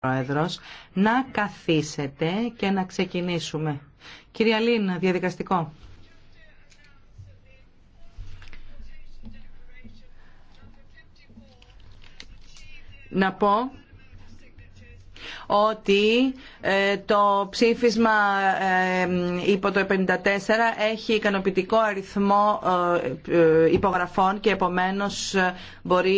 Πρόεδρος, να καθίσετε και να ξεκινήσουμε. Κυρία Λίνα, διαδικαστικό. Να πω ότι ε, το ψήφισμα ε, υπό το 54 έχει ικανοποιητικό αριθμό ε, υπογραφών και επομένως μπορεί